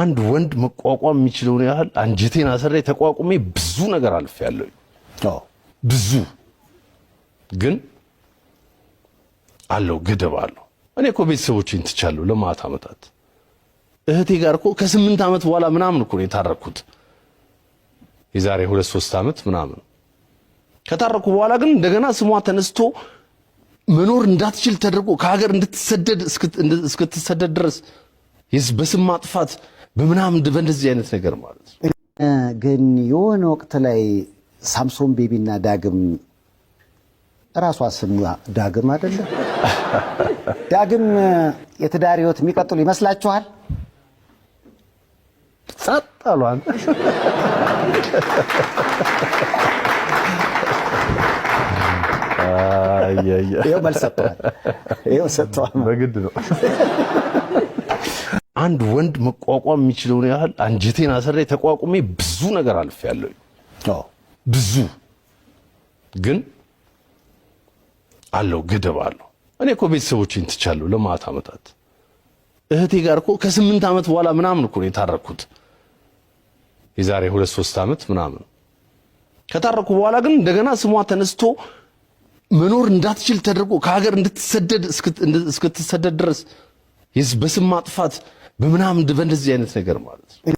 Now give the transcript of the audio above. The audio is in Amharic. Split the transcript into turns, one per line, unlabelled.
አንድ ወንድ መቋቋም የሚችለውን ያህል አንጀቴን አሰራ ተቋቁሜ ብዙ ነገር አልፌያለሁ። ብዙ ግን አለው ገደብ አለው። እኔ እኮ ቤተሰቦቼን ትቻለሁ ለማት ዓመታት። እህቴ ጋር እኮ ከስምንት ዓመት በኋላ ምናምን እኮ ነው የታረኩት። የዛሬ ሁለት ሶስት ዓመት ምናምን ከታረኩ በኋላ ግን እንደገና ስሟ ተነስቶ መኖር እንዳትችል ተደርጎ ከሀገር እንድትሰደድ እስክትሰደድ ድረስ በስም ማጥፋት በምናምን በእንደዚህ አይነት ነገር ማለት ነው።
ግን የሆነ ወቅት ላይ ሳምሶን ቤቢና ዳግም እራሷ ስሙ ዳግም አይደለም ዳግም የትዳር ህይወት የሚቀጥሉ ይመስላችኋል?
ጸጥ አሏል።
ይኸው መልስ ሰጥተዋል። ይኸው ሰጥተዋል።
በግድ ነው። አንድ ወንድ መቋቋም የሚችለውን ያህል አንጀቴን አሰራ ተቋቁሜ ብዙ ነገር አልፌያለሁ። ብዙ ግን አለው ገደብ አለው። እኔ እኮ ቤተሰቦቼን ትቻለሁ ለማት ዓመታት እህቴ ጋር እኮ ከስምንት ዓመት በኋላ ምናምን እኮ ነው የታረኩት። የዛሬ ሁለት ሶስት ዓመት ምናምን ከታረኩ በኋላ ግን እንደገና ስሟ ተነስቶ መኖር እንዳትችል ተደርጎ ከሀገር እንድትሰደድ እስክትሰደድ ድረስ በስም ማጥፋት በምናምን በእንደዚህ አይነት ነገር ማለት ነው።